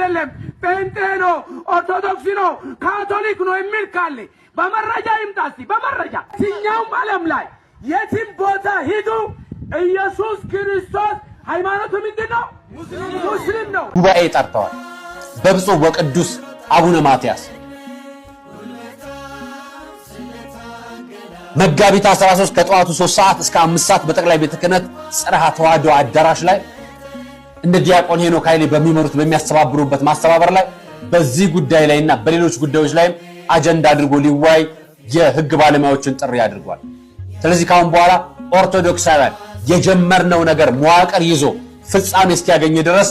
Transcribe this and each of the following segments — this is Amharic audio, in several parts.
አይደለም ጴንጤ ነው፣ ኦርቶዶክስ ነው፣ ካቶሊክ ነው የሚል ካለ በመረጃ ይምጣ። እስኪ በመረጃ የትኛውም ዓለም ላይ የትም ቦታ ሂዱ፣ ኢየሱስ ክርስቶስ ሃይማኖቱ ምንድን ነው? ሙስሊም ነው። ጉባኤ ጠርተዋል። በብፁዕ ወቅዱስ አቡነ ማትያስ መጋቢት 13 ከጠዋቱ 3 ሰዓት እስከ 5 ሰዓት በጠቅላይ ቤተ ክህነት ጽርሐ ተዋሕዶ አዳራሽ ላይ እንደ ዲያቆን ሄኖክ ኃይሌ በሚመሩት በሚያስተባብሩበት ማስተባበር ላይ በዚህ ጉዳይ ላይና በሌሎች ጉዳዮች ላይም አጀንዳ አድርጎ ሊዋይ የህግ ባለሙያዎችን ጥሪ አድርጓል። ስለዚህ ካሁን በኋላ ኦርቶዶክሳውያን የጀመርነው ነገር መዋቅር ይዞ ፍጻሜ እስኪያገኝ ድረስ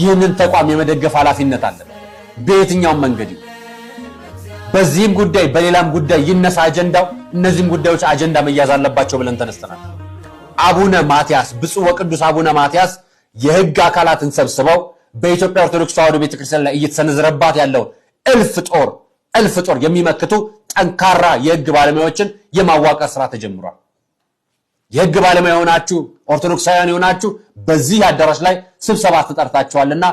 ይህንን ተቋም የመደገፍ ኃላፊነት አለ። በየትኛውም መንገድ በዚህም ጉዳይ በሌላም ጉዳይ ይነሳ አጀንዳው፣ እነዚህም ጉዳዮች አጀንዳ መያዝ አለባቸው ብለን ተነስተናል። አቡነ ማትያስ ብፁዕ ወቅዱስ አቡነ ማትያስ የህግ አካላትን ሰብስበው በኢትዮጵያ ኦርቶዶክስ ተዋሕዶ ቤተክርስቲያን ላይ እየተሰነዘረባት ያለው እልፍ ጦር እልፍ ጦር የሚመክቱ ጠንካራ የህግ ባለሙያዎችን የማዋቀር ስራ ተጀምሯል። የህግ ባለሙያ የሆናችሁ ኦርቶዶክሳውያን የሆናችሁ በዚህ አዳራሽ ላይ ስብሰባ ተጠርታችኋልና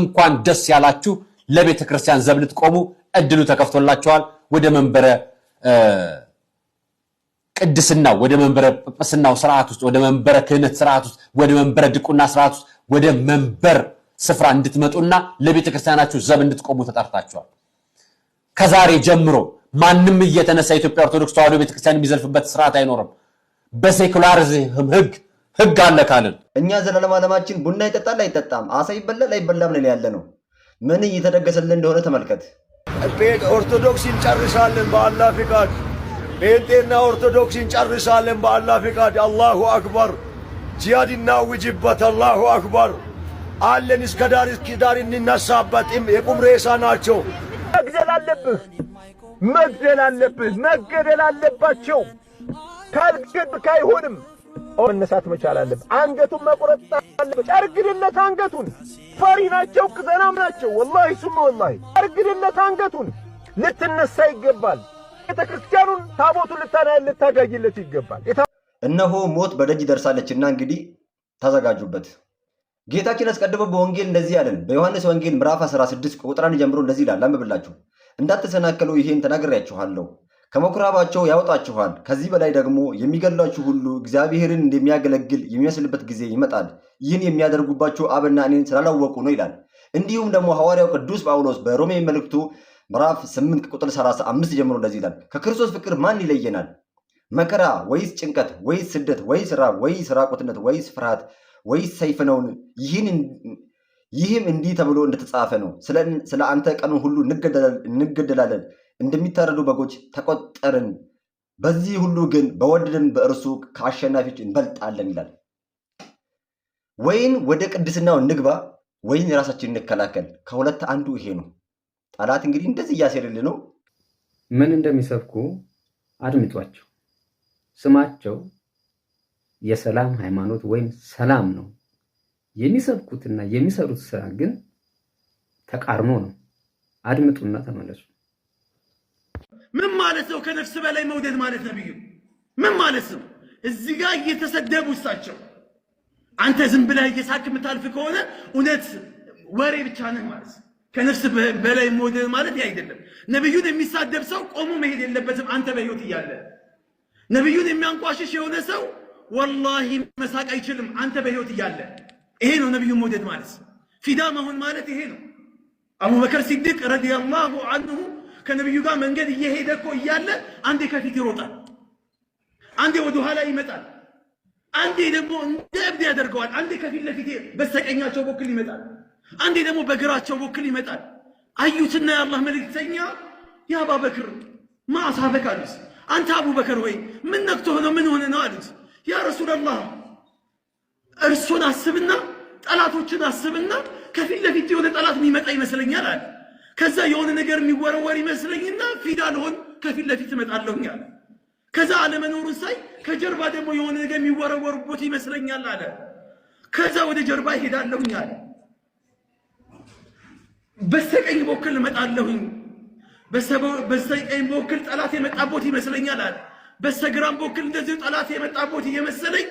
እንኳን ደስ ያላችሁ። ለቤተክርስቲያን ዘብ ልትቆሙ እድሉ ተከፍቶላችኋል። ወደ መንበረ ቅድስናው ወደ መንበረ ጵጵስናው ስርዓት ውስጥ ወደ መንበረ ክህነት ስርዓት ውስጥ ወደ መንበረ ድቁና ስርዓት ውስጥ ወደ መንበር ስፍራ እንድትመጡና ለቤተ ክርስቲያናችሁ ዘብ እንድትቆሙ ተጠርታችኋል። ከዛሬ ጀምሮ ማንም እየተነሳ የኢትዮጵያ ኦርቶዶክስ ተዋህዶ ቤተክርስቲያን የሚዘልፍበት ስርዓት አይኖርም። በሴኩላሪዝም ህግ ህግ አለ ካልን እኛ ዘላለም ዓለማችን ቡና ይጠጣል አይጠጣም፣ አሳ ይበላል አይበላም ላይ ያለ ነው። ምን እየተደገሰልን እንደሆነ ተመልከት። ኦርቶዶክስ እንጨርሳለን በአላህ ፍቃድ ጴንጤና ኦርቶዶክስን ጨርሳለን በአላ ፍቃድ። አላሁ አክበር። ጂሃድ እናውጅበት። አላሁ አክበር አለን እስከ ዳር እስከ ዳር እንነሳበትም። የቁም ሬሳ ናቸው። መግደል አለብህ፣ መግደል አለብህ፣ መገደል አለባቸው። ካልገድክ አይሆንም። መነሳት መቻል አለብህ። አንገቱን መቁረጥ አለብህ። ጨርግድነት አንገቱን ፈሪ ናቸው፣ ቅዘናም ናቸው። ወላሂ ሱመ ወላሂ ጨርግድነት አንገቱን ልትነሳ ይገባል። ቤተክርስቲያኑን ታቦቱን ልታና ልታጋይለት ይገባል። እነሆ ሞት በደጅ ደርሳለችና እንግዲህ ታዘጋጁበት። ጌታችን አስቀድሞ በወንጌል እንደዚህ ያለን በዮሐንስ ወንጌል ምዕራፍ 16 ቁጥር አንድ ጀምሮ እንደዚህ ይላል። አንብብላችሁ እንዳትሰናከሉ ይሄን ተናግሬያችኋለሁ። ከመኩራባቸው ያወጣችኋል። ከዚህ በላይ ደግሞ የሚገላችሁ ሁሉ እግዚአብሔርን እንደሚያገለግል የሚመስልበት ጊዜ ይመጣል። ይህን የሚያደርጉባችሁ አብና እኔን ስላላወቁ ነው ይላል። እንዲሁም ደግሞ ሐዋርያው ቅዱስ ጳውሎስ በሮሜ መልእክቱ ምዕራፍ 8 ቁጥር 35 ጀምሮ እንደዚህ ይላል፣ ከክርስቶስ ፍቅር ማን ይለየናል? መከራ ወይስ ጭንቀት ወይስ ስደት ወይስ ራብ ወይስ ራቁትነት ወይስ ፍርሃት ወይስ ሰይፍ ነውን? ይህም እንዲህ ተብሎ እንደተጻፈ ነው፣ ስለ አንተ ቀኑን ሁሉ እንገደላለን፣ እንደሚታረዱ በጎች ተቆጠርን። በዚህ ሁሉ ግን በወደደን በእርሱ ከአሸናፊዎች እንበልጣለን ይላል። ወይን ወደ ቅድስናው እንግባ፣ ወይን የራሳችን እንከላከል። ከሁለት አንዱ ይሄ ነው። ጠላት እንግዲህ እንደዚህ እያሴርል ነው። ምን እንደሚሰብኩ አድምጧቸው። ስማቸው የሰላም ሃይማኖት ወይም ሰላም ነው። የሚሰብኩትና የሚሰሩት ስራ ግን ተቃርኖ ነው። አድምጡና ተመለሱ። ምን ማለት ነው? ከነፍስ በላይ መውደድ ማለት ነብዩ ምን ማለት ነው? እዚህ ጋር እየተሰደቡ እሳቸው፣ አንተ ዝም ብለህ እየሳቅ የምታልፍ ከሆነ እውነት ወሬ ብቻ ነህ ማለት ነው። ከነፍስ በላይ መውደድ ማለት አይደለም። ነብዩን የሚሳደብ ሰው ቆሞ መሄድ የለበትም አንተ በህይወት እያለ። ነብዩን የሚያንቋሽሽ የሆነ ሰው ወላሂ መሳቅ አይችልም አንተ በህይወት እያለ። ይሄ ነው ነብዩን መውደድ ማለት። ፊዳ መሆን ማለት ይሄ ነው። አቡበከር ሲድቅ ረዲየላሁ አንሁ ከነብዩ ጋር መንገድ እየሄደ እኮ እያለ አንዴ ከፊት ይሮጣል፣ አንዴ ወደ ኋላ ይመጣል፣ አንዴ ደግሞ እንደ እብድ ያደርገዋል፣ አንዴ ከፊት ለፊት በስተቀኛቸው በኩል ይመጣል። አንዴ ደግሞ በግራቸው በኩል ይመጣል። አዩትና የአላህ መልእክተኛ ያ አባበክር ማሳበክ አሉት። አንተ አቡበክር ወይ ምን ነክቶ ሆነ ምን ሆነ ነው አሉት። ያ ረሱላላህ እርሱን አስብና ጠላቶችን አስብና ከፊት ለፊት የሆነ ጠላት የሚመጣ ይመስለኛል አለ። ከዛ የሆነ ነገር የሚወረወር ይመስለኝና ፊዳ ልሆን ከፊት ለፊት እመጣለሁኝ አለ። ከዛ አለመኖሩን ሳይ ከጀርባ ደግሞ የሆነ ነገር የሚወረወርቦት ይመስለኛል አለ። ከዛ ወደ ጀርባ ይሄዳለሁኝ አለ። በስተቀኝ በኩል እመጣለሁኝ፣ በስተቀኝ በኩል ጠላት የመጣቦት ይመስለኛል አለ። በስተግራም በኩል እንደዚሁ ጠላት የመጣቦት እየመሰለኝ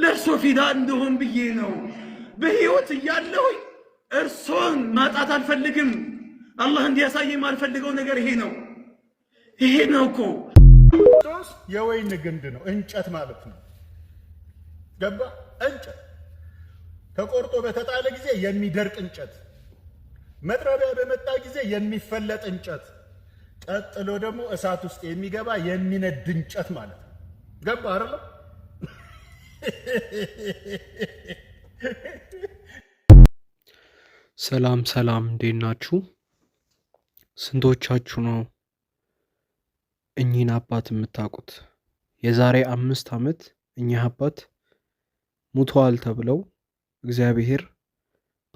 ለእርሶ ፊዳ እንደሆን ብዬ ነው። በህይወት እያለሁኝ እርሶን ማጣት አልፈልግም። አላህ እንዲያሳይ የማልፈልገው ነገር ይሄ ነው። ይሄ ነው እኮ የወይን ግንድ ነው፣ እንጨት ማለት ነው። ገባ እንጨት ተቆርጦ በተጣለ ጊዜ የሚደርቅ እንጨት መጥረቢያ በመጣ ጊዜ የሚፈለጥ እንጨት፣ ቀጥሎ ደግሞ እሳት ውስጥ የሚገባ የሚነድ እንጨት ማለት ነው። ገባ አይደል? ሰላም ሰላም፣ እንዴት ናችሁ? ስንቶቻችሁ ነው እኚህን አባት የምታውቁት? የዛሬ አምስት ዓመት እኚህ አባት ሙተዋል ተብለው እግዚአብሔር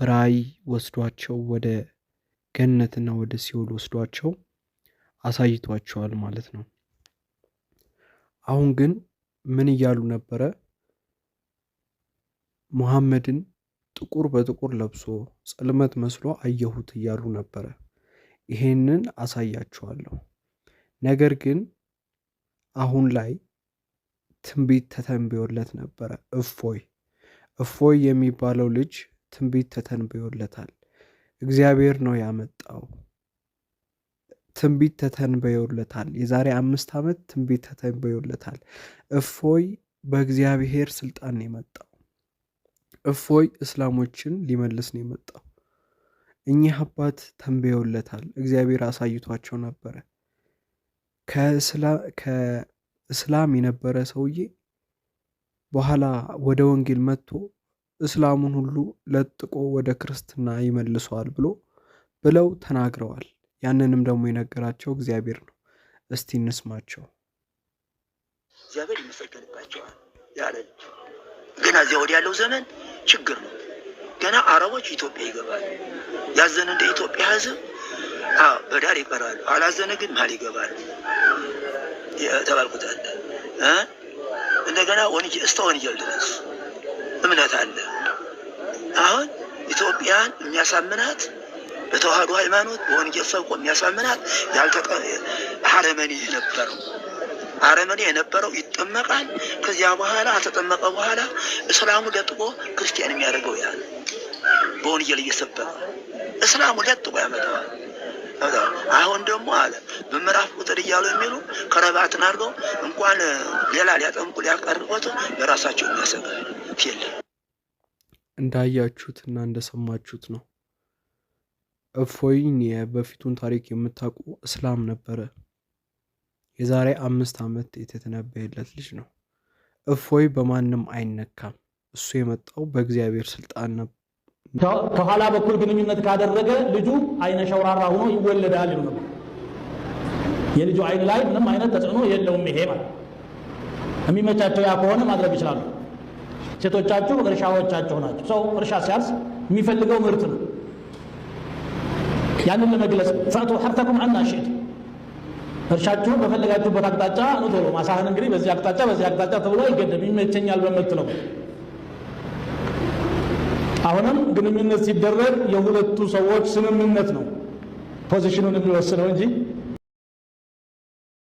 በራእይ ወስዷቸው ወደ ገነትና ወደ ሲኦል ወስዷቸው አሳይቷቸዋል ማለት ነው። አሁን ግን ምን እያሉ ነበረ? ሙሐመድን ጥቁር በጥቁር ለብሶ ጽልመት መስሎ አየሁት እያሉ ነበረ። ይሄንን አሳያቸዋለሁ ነገር ግን አሁን ላይ ትንቢት ተተንብዮለት ነበረ። እፎይ እፎይ የሚባለው ልጅ ትንቢት ተተንብዮለታል። እግዚአብሔር ነው ያመጣው። ትንቢት ተተንብዮለታል። የዛሬ አምስት ዓመት ትንቢት ተተንብዮለታል። እፎይ በእግዚአብሔር ስልጣን ነው የመጣው። እፎይ እስላሞችን ሊመልስ ነው የመጣው። እኚህ አባት ተንብዮለታል። እግዚአብሔር አሳይቷቸው ነበረ። ከእስላም የነበረ ሰውዬ በኋላ ወደ ወንጌል መጥቶ እስላሙን ሁሉ ለጥቆ ወደ ክርስትና ይመልሰዋል ብሎ ብለው ተናግረዋል። ያንንም ደግሞ የነገራቸው እግዚአብሔር ነው። እስቲ እንስማቸው። እግዚአብሔር ይመሰገንባቸዋል ያለ ገና እዚያ ወዲ ያለው ዘመን ችግር ነው። ገና አረቦች ኢትዮጵያ ይገባሉ። ያዘነ እንደ ኢትዮጵያ ሕዝብ በዳር ይቀራሉ። አላዘነ ግን መሀል ይገባሉ። ተባልኩታለ እንደገና እስተ ወንጀል ድረስ እምነት አለ። አሁን ኢትዮጵያን የሚያሳምናት በተዋህዶ ሃይማኖት በወንጌል ሰብኮ የሚያሳምናት አረመኔ የነበረው አረመኔ የነበረው ይጠመቃል። ከዚያ በኋላ ከተጠመቀ በኋላ እስላሙ ለጥቆ ክርስቲያን የሚያደርገው ያለ በወንጌል እየሰበቀ እስላሙ ለጥቆ ያመጣዋል። አሁን ደግሞ አለ በምዕራፍ ቁጥር እያሉ የሚሉ ከረባትን አድርገው እንኳን ሌላ ሊያጠምቁ ሊያቀርቆት ለራሳቸው የሚያሰጋል መብት የለም። እና እንደሰማችሁት ነው። እፎይን የበፊቱን ታሪክ የምታውቁ እስላም ነበረ። የዛሬ አምስት ዓመት የተተነበየለት ልጅ ነው። እፎይ በማንም አይነካም። እሱ የመጣው በእግዚአብሔር ስልጣን ነው። ከኋላ በኩል ግንኙነት ካደረገ ልጁ አይነ ሸውራራ ሆኖ ይወለዳል ነው። የልጁ አይን ላይ ምንም አይነት ተጽዕኖ የለውም። ይሄ ማለት የሚመቻቸው ያ ከሆነ ማድረግ ይችላሉ። ሴቶቻችሁ እርሻዎቻቸው ናቸው። ሰው እርሻ ሲያርስ የሚፈልገው ምርት ነው። ያንን ለመግለጽ ፈእቱ ሀብተኩም አና ሽእቱ እርሻችሁን በፈለጋችሁበት አቅጣጫ ቶሎ ማሳህን እንግዲህ በዚህ አቅጣጫ በዚህ አቅጣጫ ተብሎ አይገደም፣ ይመቸኛል በምትለው አሁንም ግንኙነት ሲደረግ የሁለቱ ሰዎች ስምምነት ነው ፖዚሽኑን የሚወስነው እንጂ